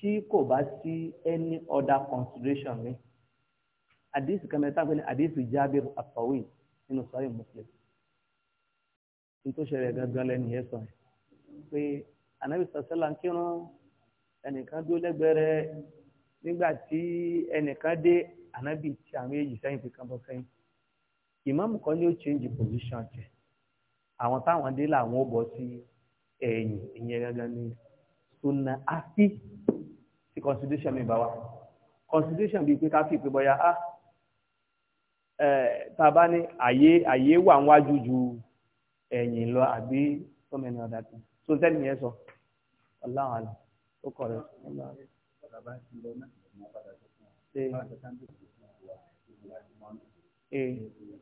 tí kò bá sí any other consideration mi àdéhùn kan mẹ́ta pé ní àdéhùn Jabir àtọwé nínú sọyìn Muslim ní tó ṣẹlẹ̀ gangan lẹ́nu yẹn sọ pé anabi sọsẹlá ń kírun ẹnìkan dúró lẹ́gbẹ̀rẹ́ nígbà tí ẹnìkan dé anabi tí àwọn èyí sẹ́yìn fi kàn bọ sẹ́yìn ìmáàmù kan ní ó change position jẹ àwọn táwọn dé làwọn ó bọ sí ẹ̀yìn ìyẹn gangan ní sunna afi constitution mi bá wa constitution bíi pé ká fi pé bóyá a tá a bá ní àyè àyè wà níwájú ju ẹ̀yìn lọ àbí so many other things so tẹ́lẹ̀ yẹn sọ ọláwọn àlọ ó kọ̀ rẹ̀. ṣe